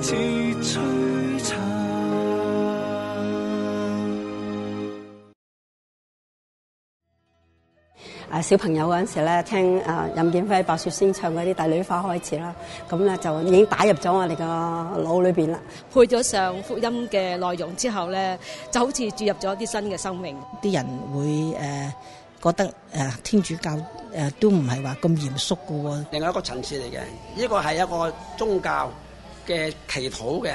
切啊！小朋友嗰陣時咧，聽啊任劍輝白雪仙唱嗰啲《帝女花》開始啦，咁咧就已經打入咗我哋個腦裏邊啦。配咗上福音嘅內容之後咧，就好似注入咗一啲新嘅生命。啲人會誒、呃、覺得誒、呃、天主教誒、呃、都唔係話咁嚴肅噶喎。另外一個層次嚟嘅，呢個係一個宗教。嘅祈禱嘅，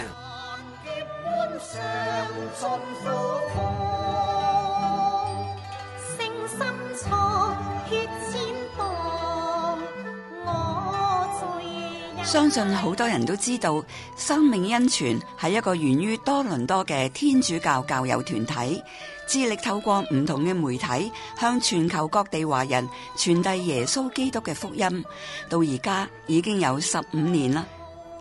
相信好多人都知道，生命恩泉係一個源於多倫多嘅天主教教友團體，致力透過唔同嘅媒體向全球各地華人傳遞耶穌基督嘅福音。到而家已經有十五年啦。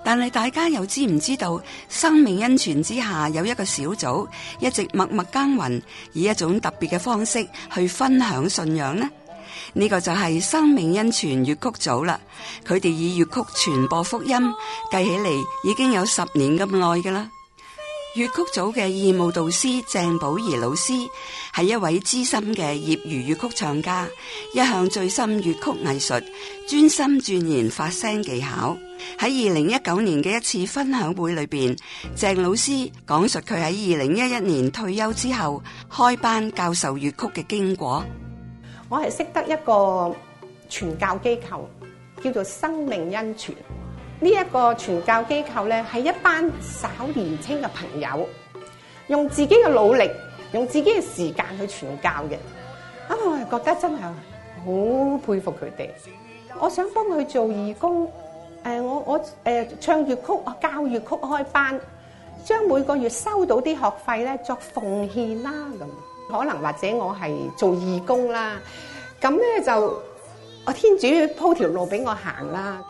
但係大家又知唔知道生命恩泉之下有一個小組一直默默耕耘，以一種特別嘅方式去分享信仰呢？呢個就係生命恩泉粵曲組啦。佢哋以粵曲傳播福音，計起嚟，已經有十年咁耐噶啦。粵曲組嘅義務導師鄭寶儀老師係一位資深嘅業餘粵曲唱家，一向醉心粵曲藝術，專心鑽研發聲技巧。喺二零一九年嘅一次分享會裏邊，鄭老師講述佢喺二零一一年退休之後開班教授粵曲嘅經過。我係識得一個傳教機構，叫做生命恩泉。呢、這、一個傳教機構咧，係一班稍年青嘅朋友，用自己嘅努力，用自己嘅時間去傳教嘅。啊，我係覺得真係好佩服佢哋。我想幫佢做義工。呃、我我，呃、唱粵曲啊，教粵曲開班，將每個月收到啲學費咧作奉獻啦，咁，可能或者我係做義工啦，咁咧就我天主鋪條路俾我行啦。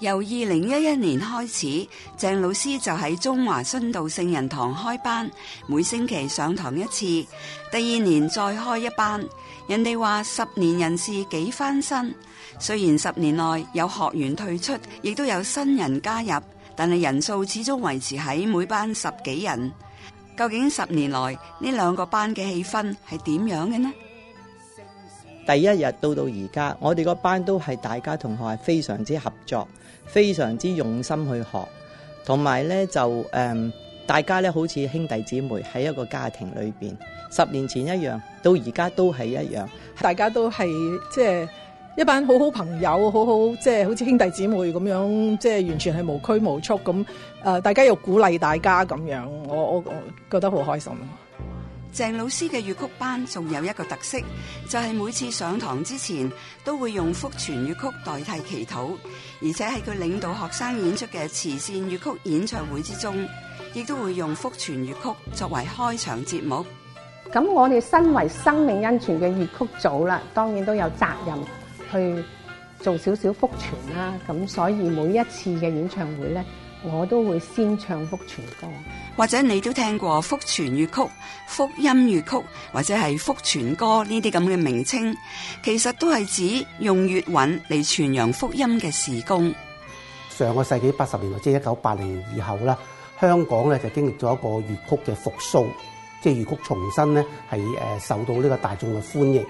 由二零一一年開始，鄭老師就喺中華殉道聖人堂開班，每星期上堂一次。第二年再開一班，人哋話十年人事幾翻身。雖然十年內有學員退出，亦都有新人加入，但係人數始終維持喺每班十幾人。究竟十年來呢兩個班嘅氣氛係點樣嘅呢？第一日到到而家，我哋個班都係大家同學係非常之合作。非常之用心去學，同埋呢就誒，大家呢好似兄弟姊妹喺一個家庭裏邊，十年前一樣到而家都係一樣，大家都係即係一班好好朋友，好好即係、就是、好似兄弟姊妹咁樣，即、就、係、是、完全係無拘無束咁。誒，大家又鼓勵大家咁樣，我我覺得好開心。鄭老師嘅粵曲班仲有一個特色，就係每次上堂之前都會用福傳粵曲代替祈禱，而且喺佢領導學生演出嘅慈善粵曲演唱會之中，亦都會用福傳粵曲作為開場節目。咁我哋身為生命恩泉嘅粵曲組啦，當然都有責任去做少少福傳啦。咁所以每一次嘅演唱會咧，我都會先唱福傳歌，或者你都聽過福傳粵曲、福音粵曲，或者係福傳歌呢啲咁嘅名稱，其實都係指用粵韻嚟傳揚福音嘅事工。上個世紀八十年代，即係一九八零年以後啦，香港咧就經歷咗一個粵曲嘅復蘇，即係粵曲重新咧，係誒受到呢個大眾嘅歡迎。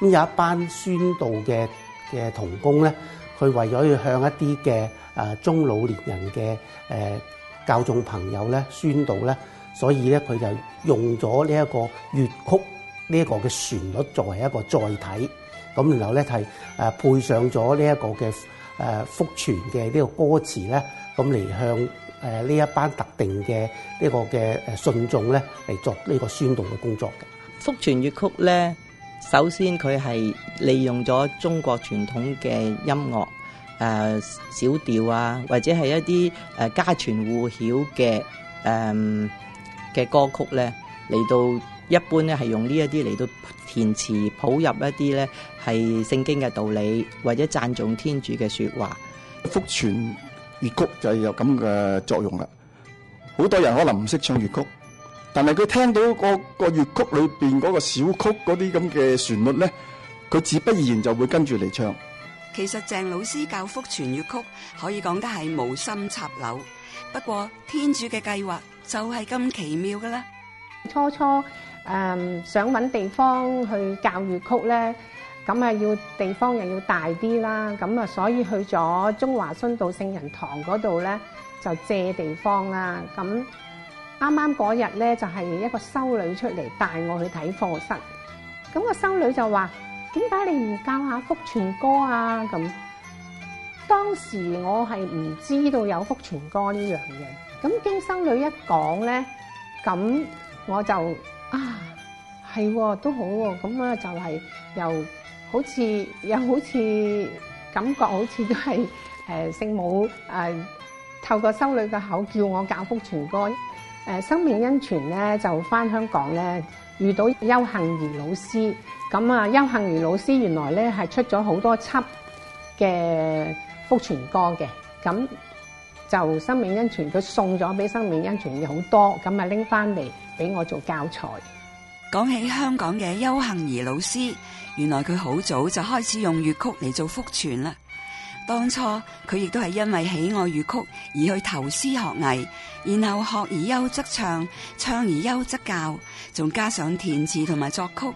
咁有一班宣道嘅嘅同工咧。佢為咗要向一啲嘅啊中老年人嘅誒、呃、教眾朋友咧宣導咧，所以咧佢就用咗呢一個粵曲呢一個嘅旋律作為一個載體，咁然後咧係誒配上咗呢一個嘅誒福傳嘅呢個歌詞咧，咁嚟向誒呢、呃、一班特定嘅呢個嘅誒信眾咧嚟作呢個宣導嘅工作嘅福傳粵曲咧。首先佢係利用咗中國傳統嘅音樂誒、呃、小調啊，或者係一啲誒家傳戶曉嘅誒嘅歌曲咧，嚟到一般咧係用呢一啲嚟到填詞譜入一啲咧係聖經嘅道理，或者讚頌天主嘅說話，福傳粵曲就係有咁嘅作用啦。好多人可能唔識唱粵曲。但係佢聽到個個粵曲裏邊嗰個小曲嗰啲咁嘅旋律咧，佢自不然就會跟住嚟唱。其實鄭老師教福傳粵曲可以講得係無心插柳，不過天主嘅計劃就係咁奇妙㗎啦。初初誒想揾地方去教粵曲咧，咁啊要地方又要大啲啦，咁啊所以去咗中華宣道聖人堂嗰度咧，就借地方啊咁。啱啱嗰日咧就係一個修女出嚟帶我去睇課室，咁個修女就話：點解你唔教下福傳歌啊？咁當時我係唔知道有福傳歌呢樣嘢，咁經修女一講咧，咁我就啊係都好咁啊就係又好似又好似感覺好似都係誒聖母誒透過修女嘅口叫我教福傳歌。啊、生命恩泉咧就翻香港咧遇到邱幸兒老師，咁啊邱幸兒老師原來咧係出咗好多輯嘅福傳歌嘅，咁就生命恩泉佢送咗俾生命恩泉嘅好多，咁啊拎翻嚟俾我做教材。講起香港嘅邱幸兒老師，原來佢好早就開始用粵曲嚟做福傳啦。當初佢亦都係因為喜愛粵曲而去投師學藝，然後學而優則唱，唱而優則教，仲加上填詞同埋作曲，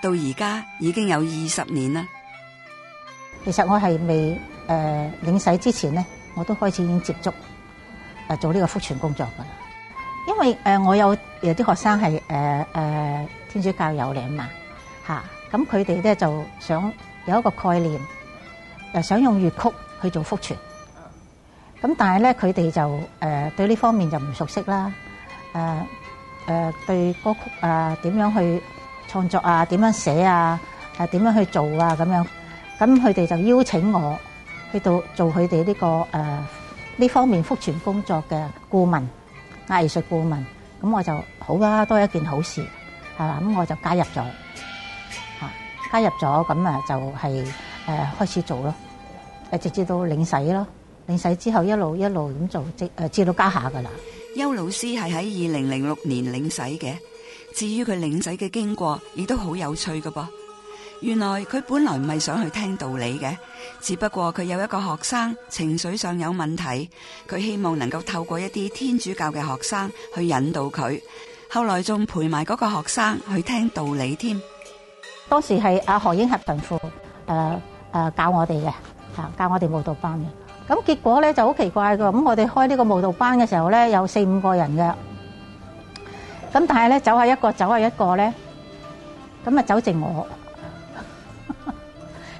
到而家已經有二十年啦。其實我係未誒、呃、領洗之前咧，我都開始已經接觸誒、呃、做呢個福傳工作噶啦。因為誒、呃、我有有啲學生係誒誒天主教友嚟啊嘛，吓咁佢哋咧就想有一個概念。誒，想用粵曲去做復傳，咁但係咧，佢哋就誒對呢方面就唔熟悉啦。誒誒，對歌曲誒點樣去創作啊？點樣寫啊？誒點樣去做啊？咁樣，咁佢哋就邀請我去到做佢哋呢個誒呢方面復傳工作嘅顧問、藝術顧問，咁我就好啦，都係一件好事係嘛？咁我就加入咗，吓加入咗，咁啊就係誒開始做咯。就直接到領洗咯，領洗之後一路一路咁做，直誒至到家下噶啦。邱老師係喺二零零六年領洗嘅，至於佢領洗嘅經過，亦都好有趣噶噃。原來佢本來唔係想去聽道理嘅，只不過佢有一個學生情緒上有問題，佢希望能夠透過一啲天主教嘅學生去引導佢，後來仲陪埋嗰個學生去聽道理添。當時係阿何英合神父誒誒、呃呃、教我哋嘅。教我哋舞蹈班嘅，咁結果咧就好奇怪噶。咁我哋開呢個舞蹈班嘅時候咧，有四五個人嘅，咁但係咧走下一個，走下一個咧，咁啊走剩我。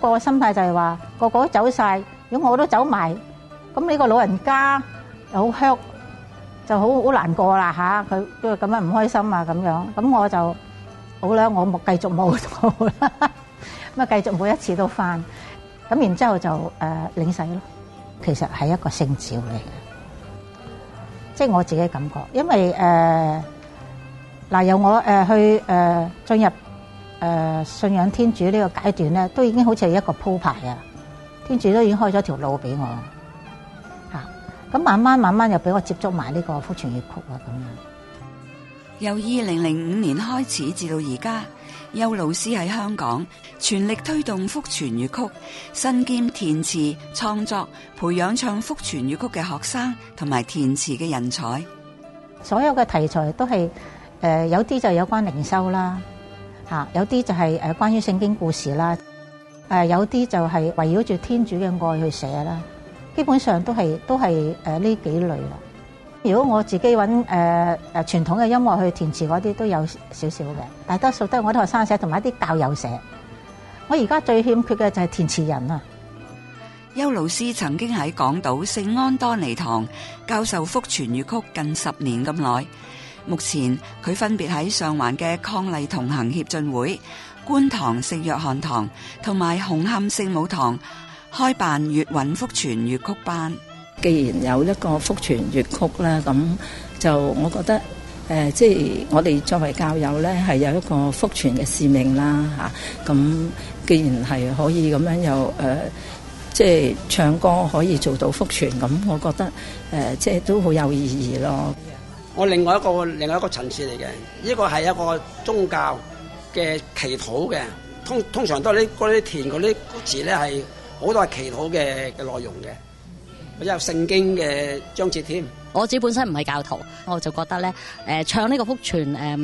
個個心態就係話，個個都走曬，如果我都走埋，咁呢個老人家又好 hurt，就好好難過啦嚇。佢都咁樣唔開心啊咁樣，咁我就好啦，我冇繼續舞蹈啦，咁啊繼續每一次都翻。咁然之後就誒領洗咯，其實係一個聖召嚟嘅，即、就、係、是、我自己的感覺，因為誒嗱、呃、由我誒去誒進、呃、入誒、呃、信仰天主呢個階段咧，都已經好似係一個鋪排啊！天主都已經開咗條路俾我，嚇、啊、咁慢慢慢慢又俾我接觸埋呢個福泉粵曲啊咁樣。由二零零五年開始至到而家。邱老師喺香港全力推動福傳粵曲，身兼填詞創作，培養唱福傳粵曲嘅學生同埋填詞嘅人才。所有嘅題材都係誒，有啲就有關靈修啦，吓有啲就係誒關於聖經故事啦，誒有啲就係圍繞住天主嘅愛去寫啦，基本上都係都係誒呢幾類啦。如果我自己揾誒誒傳統嘅音樂去填詞，嗰啲都有少少嘅，大多數都係我啲學生寫同埋一啲教友寫。我而家最欠缺嘅就係填詞人啦。邱老師曾經喺港島聖安多尼堂教授福傳粵曲近十年咁耐，目前佢分別喺上環嘅抗麗同行協進會、觀塘聖約翰堂同埋紅磡聖母堂開辦粵韻福傳粵曲班。既然有一個福傳粵曲啦，咁就我覺得，誒、呃，即係我哋作為教友咧，係有一個福傳嘅使命啦，吓、啊。咁、啊、既然係可以咁樣又誒、呃，即係唱歌可以做到福傳，咁我覺得，誒、呃，即係都好有意義咯。我另外一個另外一個層次嚟嘅，呢個係一個宗教嘅祈禱嘅，通通常都係啲嗰啲填嗰啲詞咧係好多係祈禱嘅嘅內容嘅。我有聖經嘅章節添。我自己本身唔係教徒，我就覺得咧，唱呢個福傳、呃、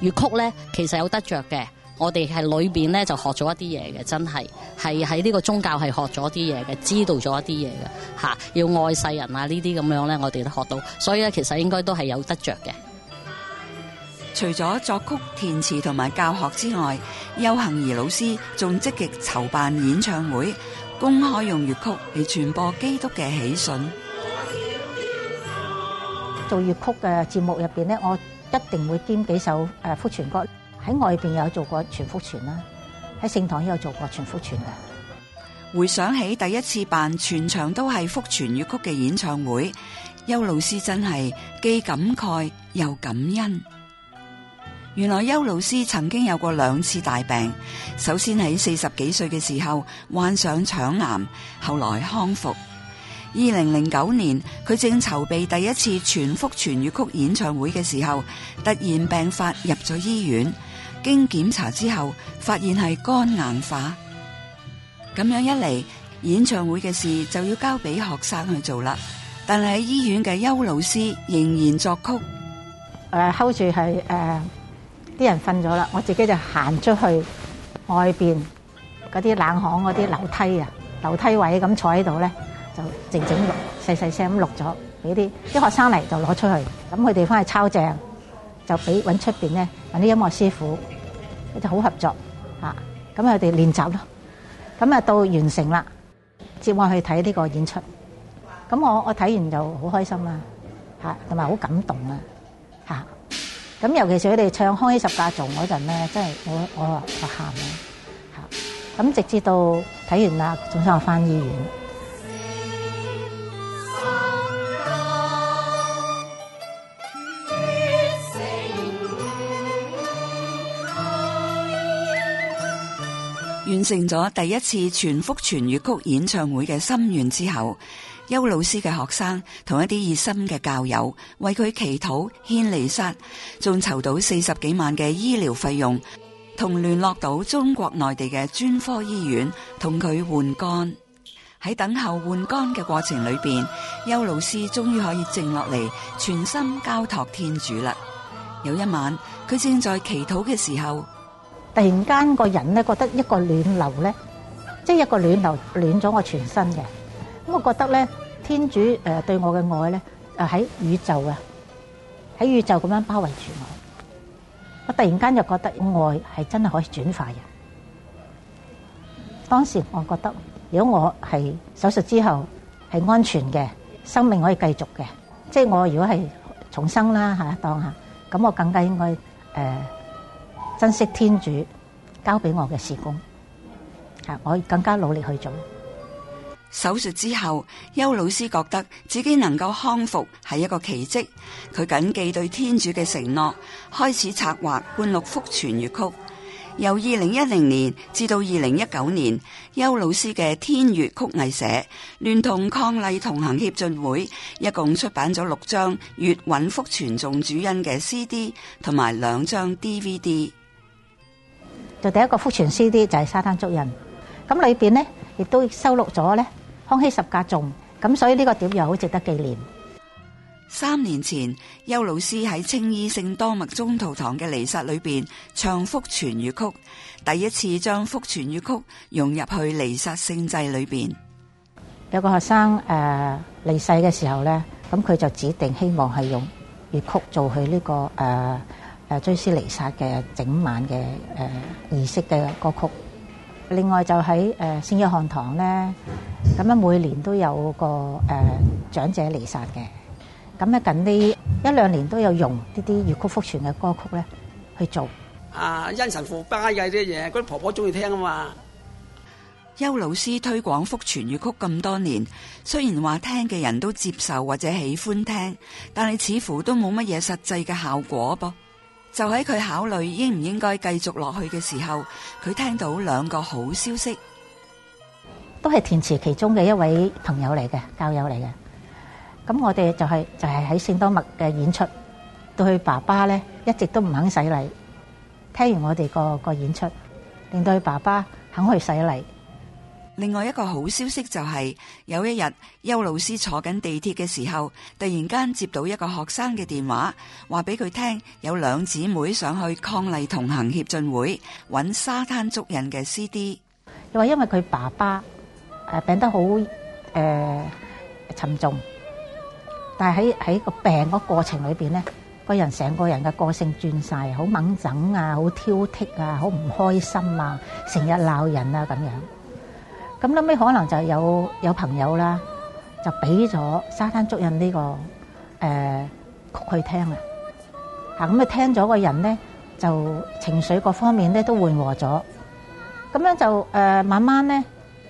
粵曲咧，其實有得着嘅。我哋係裏邊咧就學咗一啲嘢嘅，真係，係喺呢個宗教係學咗啲嘢嘅，知道咗一啲嘢嘅吓，要愛世人啊呢啲咁樣咧，我哋都學到。所以咧，其實應該都係有得着嘅。除咗作曲填詞同埋教學之外，邱幸兒老師仲積極籌辦演唱會。公開用粵曲嚟傳播基督嘅喜訊，做粵曲嘅節目入邊咧，我一定會兼幾首誒福傳歌。喺外邊有做過全福傳啦，喺聖堂亦有做過全福傳嘅。回想起第一次辦全場都係福傳粵曲嘅演唱會，邱老師真係既感慨又感恩。原來邱老師曾經有過兩次大病，首先喺四十幾歲嘅時候患上腸癌，後來康復。二零零九年，佢正籌備第一次全福全粵曲演唱會嘅時候，突然病發入咗醫院，經檢查之後發現係肝硬化。咁樣一嚟，演唱會嘅事就要交俾學生去做啦。但係喺醫院嘅邱老師仍然作曲，誒，hold 住係誒。啲人瞓咗啦，我自己就行出去外邊嗰啲冷巷嗰啲樓梯啊，樓梯位咁坐喺度咧，就靜靜錄細細聲咁錄咗俾啲啲學生嚟，就攞出去，咁佢哋翻去抄正，就俾搵出面咧搵啲音樂師傅，就好合作嚇，咁佢哋練習咯，咁啊到完成啦，接我去睇呢個演出，咁我我睇完就好開心啊嚇，同埋好感動啊！咁尤其是佢哋唱《開十架頌嗰陣咧，真係我我我喊啦嚇！咁直至到睇完啦，總之我返醫院。完成咗第一次全福全粵曲演唱會嘅心願之後，邱老師嘅學生同一啲熱心嘅教友為佢祈禱獻彌撒，仲籌到四十幾萬嘅醫療費用，同聯絡到中國內地嘅專科醫院同佢換肝。喺等候換肝嘅過程裏邊，邱老師終於可以靜落嚟，全心交託天主啦。有一晚，佢正在祈禱嘅時候，突然間個人咧覺得一個暖流咧，即係一個暖流暖咗我全身嘅，咁我覺得咧天主誒對我嘅愛咧，誒喺宇宙啊，喺宇宙咁樣包圍住我，我突然間就覺得愛係真係可以轉化人。當時我覺得，如果我係手術之後係安全嘅，生命可以繼續嘅，即係我如果係重生啦吓當下，咁我更加應該誒。珍惜天主交俾我嘅事工，吓我可以更加努力去做。手術之後，邱老師覺得自己能夠康復係一個奇蹟。佢謹記對天主嘅承諾，開始策劃灌錄福傳粵曲。由二零一零年至到二零一九年，邱老師嘅天樂曲藝社聯同抗勵同行協進會，一共出版咗六張粵韻福傳頌主恩嘅 C D 同埋兩張 D V D。就第一個福傳 CD 就係沙灘足印，咁裏邊咧亦都收錄咗咧康熙十架頌，咁所以呢個碟又好值得紀念。三年前，邱老師喺青衣聖多默宗徒堂嘅彌撒裏邊唱福傳粵曲，第一次將福傳粵曲融入去彌撒聖祭裏邊。有個學生誒離世嘅時候咧，咁佢就指定希望係用粵曲做佢呢個誒。誒追思離世嘅整晚嘅誒、呃、儀式嘅歌曲，另外就喺誒、呃、聖約翰堂咧，咁樣每年都有個誒、呃、長者離世嘅，咁咧近呢一兩年都有用呢啲粵曲福傳嘅歌曲咧去做。啊，恩神父巴嘅啲嘢，嗰啲婆婆中意聽啊嘛。邱老師推廣福傳粵曲咁多年，雖然話聽嘅人都接受或者喜歡聽，但係似乎都冇乜嘢實際嘅效果噃。就喺佢考慮應唔應該繼續落去嘅時候，佢聽到兩個好消息，都係填詞其中嘅一位朋友嚟嘅，教友嚟嘅。咁我哋就係、是、就係喺聖多麥嘅演出，對爸爸咧一直都唔肯洗禮，聽完我哋個個演出，令到佢爸爸肯去洗禮。另外一個好消息就係、是，有一日，邱老師坐緊地鐵嘅時候，突然間接到一個學生嘅電話，話俾佢聽有兩姊妹想去抗麗同行協進會揾沙灘捉人嘅 CD。話因為佢爸爸誒病得好誒、呃、沉重，但係喺喺個病嗰過程裏邊咧，人個人成個人嘅個性轉晒，好猛整啊，好挑剔啊，好唔開心啊，成日鬧人啊咁樣。咁啱尾可能就有有朋友啦，就俾咗《沙灘足印、呢個》呢個誒曲去聽啊！咁啊，聽咗個人咧就情緒各方面咧都緩和咗。咁樣就、呃、慢慢咧，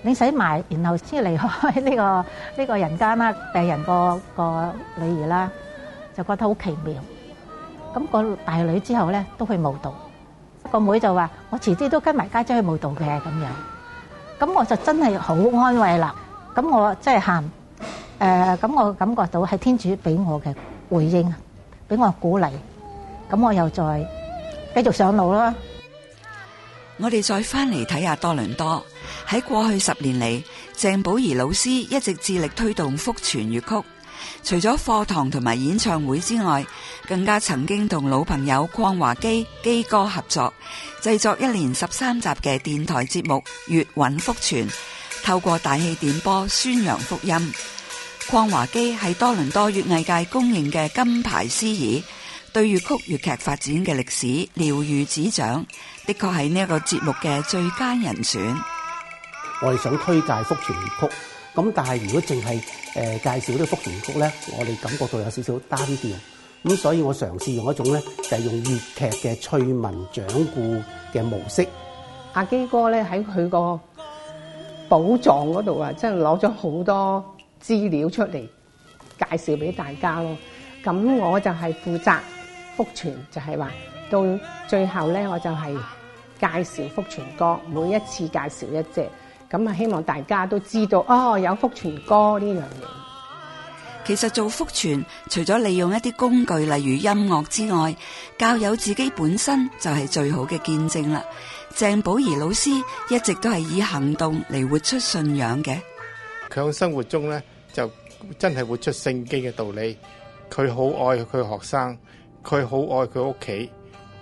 你洗埋，然後先離開呢、呢個呢、呢個人間啦。病人個、嗰個女兒啦，就覺得好奇妙。咁、嗰個大女之後咧都去舞蹈，個妹就話：我遲啲都跟埋家姐，姐去舞蹈嘅咁樣。咁我就真係好安慰啦！咁我真係喊，誒，咁我感覺到係天主俾我嘅回應，俾我鼓勵，咁我又再繼續上路啦。我哋再翻嚟睇下多倫多喺過去十年嚟，鄭寶儀老師一直致力推動福傳粵曲。除咗課堂同埋演唱會之外，更加曾經同老朋友鄺華基基哥合作，製作一連十三集嘅電台節目《粵韻福傳》，透過大氣電波宣揚福音。鄺華基係多倫多粵藝界公認嘅金牌司儀，對粵曲粵劇發展嘅歷史了如指掌，的確係呢一個節目嘅最佳人選。我哋想推介福傳粵曲。咁但係如果淨係誒介紹啲復傳曲咧，我哋感覺到有少少單調，咁所以我嘗試用一種咧，就係用粵劇嘅趣聞掌故嘅模式。阿基哥咧，喺佢個寶藏嗰度啊，真係攞咗好多資料出嚟介紹俾大家咯。咁我就係負責復傳，就係話到最後咧，我就係介紹復傳歌，每一次介紹一隻。咁啊！希望大家都知道哦，有福傳歌呢樣嘢。其實做福傳，除咗利用一啲工具，例如音樂之外，教友自己本身就係最好嘅見證啦。鄭寶儀老師一直都係以行動嚟活出信仰嘅。佢響生活中咧，就真係活出聖經嘅道理。佢好愛佢學生，佢好愛佢屋企，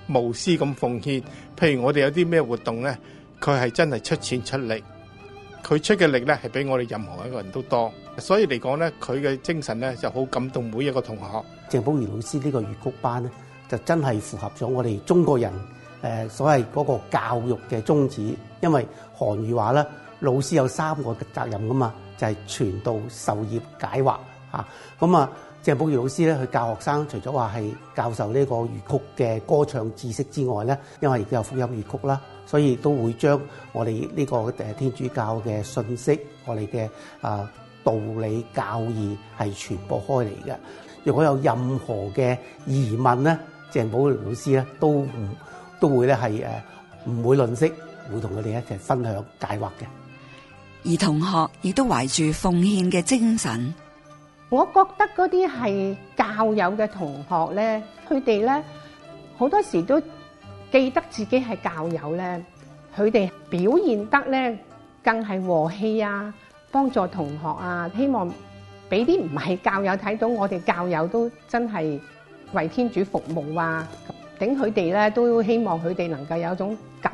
無私咁奉獻。譬如我哋有啲咩活動咧，佢係真係出錢出力。佢出嘅力咧，係比我哋任何一個人都多，所以嚟講咧，佢嘅精神咧就好感動每一個同學。鄭寶儀老師呢個粵曲班咧，就真係符合咗我哋中國人誒所謂嗰個教育嘅宗旨，因為韓語話咧，老師有三個責任噶嘛，就係傳道授業解惑吓。咁啊，鄭寶儀老師咧，佢教學生，除咗話係教授呢個粵曲嘅歌唱知識之外咧，因為亦都有福音粵曲啦。所以都會將我哋呢個誒天主教嘅信息，我哋嘅啊道理教義係傳播開嚟嘅。如果有任何嘅疑問咧，鄭寶龍老師咧都唔都會咧係誒唔會吝嗇，會同佢哋一齊分享解惑嘅。而同學亦都懷住奉獻嘅精神，我覺得嗰啲係教友嘅同學咧，佢哋咧好多時都，記得自己係教友咧，佢哋表現得咧更係和氣啊，幫助同學啊，希望俾啲唔係教友睇到，我哋教友都真係為天主服務啊，等佢哋咧都希望佢哋能夠有種感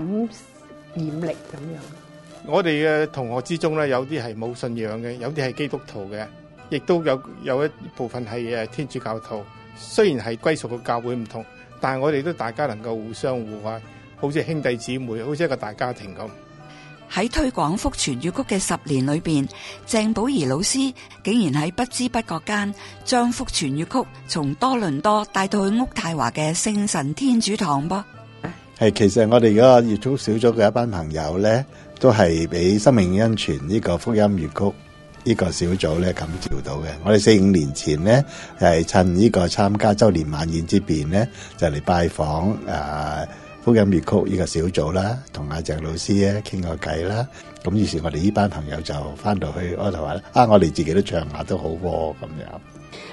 染力咁樣。我哋嘅同學之中咧，有啲係冇信仰嘅，有啲係基督徒嘅，亦都有有一部分係誒天主教徒，雖然係歸屬嘅教會唔同。但係我哋都大家能夠互相互愛，好似兄弟姊妹，好似一個大家庭咁。喺推廣福傳粵曲嘅十年裏邊，鄭寶儀老師竟然喺不知不覺間將福傳粵曲從多倫多帶到去渥太華嘅聖神天主堂噃。係，其實我哋而家粵曲小組嘅一班朋友咧，都係俾生命恩泉呢個福音粵曲。呢個小組咧，感召到嘅，我哋四五年前咧，係、就是、趁呢個參加周年晚宴之便咧，就嚟拜訪啊，風音粵曲呢個小組啦，同阿鄭老師咧傾、啊、個偈啦。咁於是，我哋呢班朋友就翻到去嗰度話啦啊，我哋自己都唱下都好喎。咁樣啊，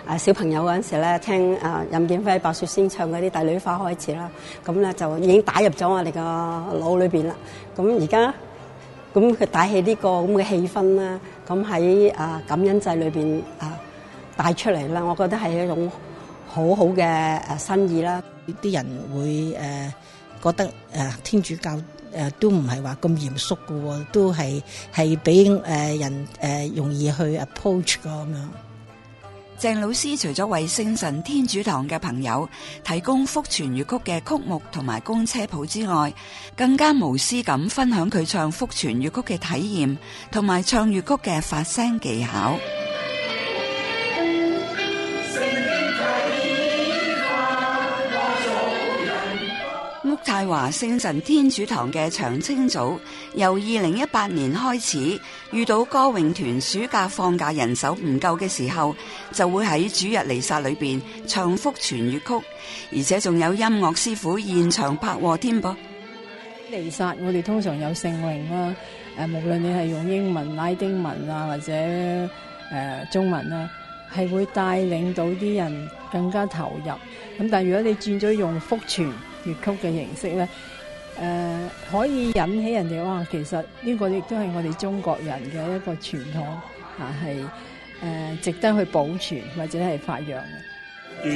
樣小朋友嗰陣時咧，聽啊任劍輝、白雪仙唱嗰啲《帝女花》開始啦，咁咧就已經打入咗我哋個腦裏面啦。咁而家咁佢打起呢個咁嘅氣氛啦咁喺啊感恩祭裏邊啊帶出嚟啦，我覺得係一種好好嘅誒心意啦。啲人會誒覺得誒天主教誒都唔係話咁嚴肅嘅，都係係俾誒人誒容易去 approach 嘅咁樣。鄭老師除咗為聖神天主堂嘅朋友提供福傳粵曲嘅曲目同埋工尺譜之外，更加無私咁分享佢唱福傳粵曲嘅體驗同埋唱粵曲嘅發聲技巧。太華聖神天主堂嘅長青組，由二零一八年開始，遇到歌詠團暑假放假人手唔夠嘅時候，就會喺主日彌撒裏邊唱福傳粵曲，而且仲有音樂師傅現場拍和添噃。彌撒我哋通常有聖詠啦，誒，無論你係用英文、拉丁文啊，或者誒、呃、中文啦，係會帶領到啲人更加投入。咁但如果你轉咗用福傳。粵曲嘅形式咧，誒、呃、可以引起人哋哇，其實呢個亦都係我哋中國人嘅一個傳統，係、呃、誒、呃、值得去保存或者係發揚嘅。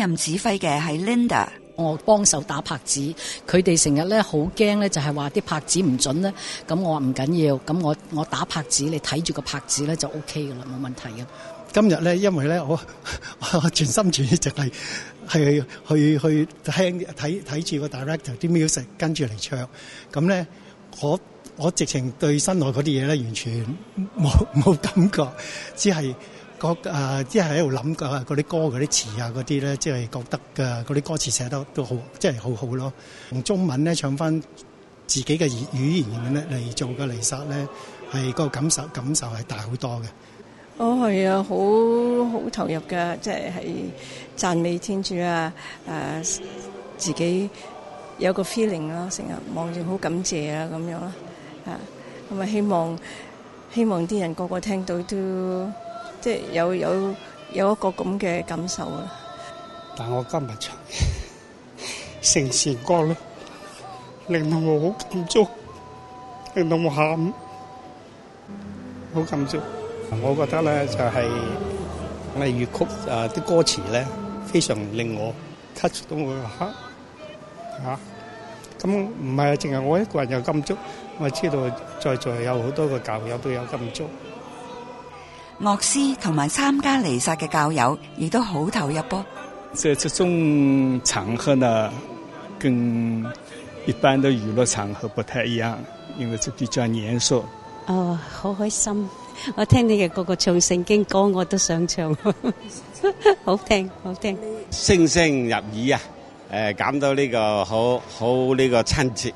任指揮嘅係 Linda，我幫手打拍子，佢哋成日咧好驚咧，就係話啲拍子唔準咧。咁我話唔緊要，咁我我打拍子，你睇住個拍子咧就 OK 噶啦，冇問題嘅。今日咧，因為咧我，我全心全意直係係去去聽睇睇住個 director 啲 music 跟住嚟唱，咁咧我我直情對身內嗰啲嘢咧完全冇冇感覺，只係。覺誒，即係喺度諗嘅嗰啲歌嗰啲詞啊，嗰啲咧，即係覺得嘅嗰啲歌詞寫得都好，即係好好咯。用中文咧唱返自己嘅語語言咧嚟做嘅彌撒咧，係個感受感受係大好多嘅。哦，係啊，好好投入嘅，即係係讚美天主啊！誒，自己有個 feeling 咯，成日望住好感謝啊，咁樣啊，咁啊希望希望啲人個個聽到都。即係有有有一個咁嘅感受啦。但我今日唱《盛世歌》咧，令到我好感觸，令到我喊，好感觸。我覺得咧就係我粵曲啊啲歌詞咧，非常令我 touch 到我嚇嚇。咁唔係淨係我一個人有感觸，我知道在座有好多個教友都有感觸。樂師同埋參加彌撒嘅教友亦都好投入噃、哦。在這種場合呢，跟一般的娛樂場合不太一樣，因為這比較嚴肅。哦，好開心！我聽你嘅個個唱聖經歌，我都想唱，好 聽好聽，聲聲你入耳啊！誒，感到呢個好好呢個親切。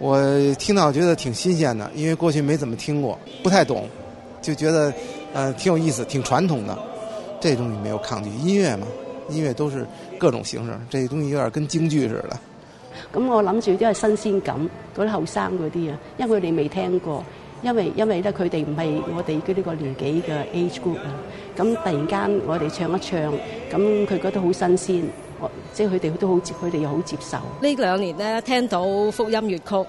我聽到覺得挺新鮮的，因為過去沒怎麼聽過，不太懂，就覺得。呃，挺有意思，挺傳統的，這東西沒有抗拒音樂嘛，音樂都是各種形式，這些東西有點跟京劇似的。咁我諗住都係新鮮感，嗰啲後生嗰啲啊，因為佢哋未聽過，因為因為咧佢哋唔係我哋呢個年紀嘅 age group 啊。咁突然間我哋唱一唱，咁佢覺得好新鮮，即係佢哋都好接，佢哋又好接受。這呢兩年咧，聽到福音粵曲。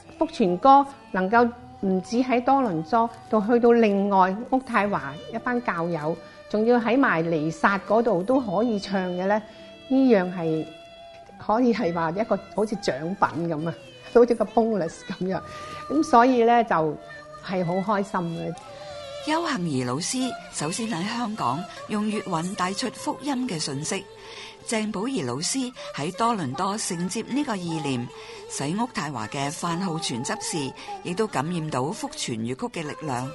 福全哥能夠唔止喺多倫多，到去到另外屋太華一班教友，仲要喺埋彌撒嗰度都可以唱嘅咧，呢樣係可以係話一個好似獎品咁啊，好似個 bonus 咁樣。咁所以咧就係、是、好開心嘅。邱幸儀老師首先喺香港用粵韻帶出福音嘅信息，鄭寶儀老師喺多倫多承接呢個意念。洗屋太華嘅范浩全執事亦都感染到福傳粵曲嘅力量，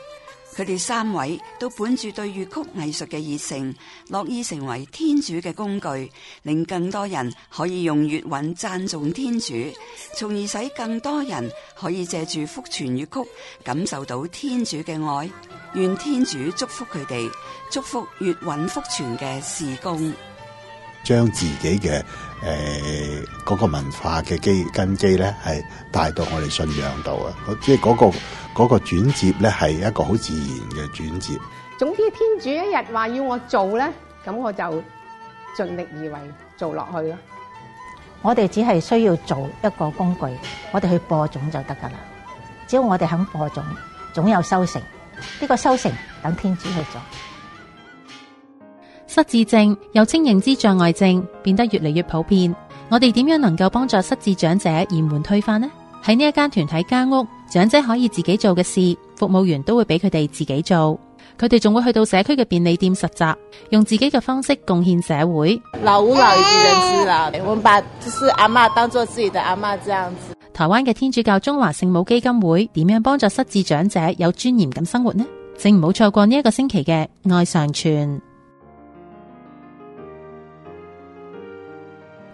佢哋三位都本住對粵曲藝術嘅熱誠，樂意成為天主嘅工具，令更多人可以用粵韻讚頌天主，從而使更多人可以借住福傳粵曲感受到天主嘅愛。願天主祝福佢哋，祝福粵韻福傳嘅事工。將自己嘅誒嗰個文化嘅基根基咧，係帶到我哋信仰度啊！即係嗰、嗰個、嗰個轉折咧，係一個好自然嘅轉折。總之，天主一日話要我做咧，咁我就盡力而為做落去咯。我哋只係需要做一個工具，我哋去播種就得噶啦。只要我哋肯播種，總有收成。呢、呢個收成等天主去做。失智症又稱認知障礙症，變得越嚟越普遍。我哋點樣能夠幫助失智長者延緩退化呢？喺呢一間團體家屋，長者可以自己做嘅事，服務員都會俾佢哋自己做。佢哋仲會去到社區嘅便利店實習，用自己嘅方式貢獻社會。老吾老以及人之老，我們把就是阿媽當做自己的阿媽，這樣子。台灣嘅天主教中華聖母基金會點樣幫助失智長者有尊嚴咁生活呢？請唔好錯過呢一個星期嘅愛上傳。